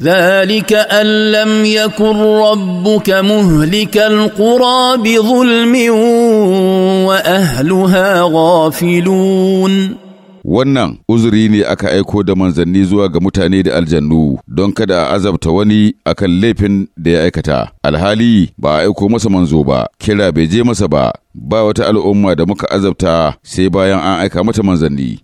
ذلك ان لم يكن ربك مهلك القرى بظلم واهلها غافلون wannan uzuri ne aka aiko da manzanni zuwa ga mutane da aljannu don kada a azabta wani akan laifin da ya aikata alhali ba a aiko masa manzo ba kira bai je masa ba ba wata al'umma da muka azabta sai bayan an aika mata manzanni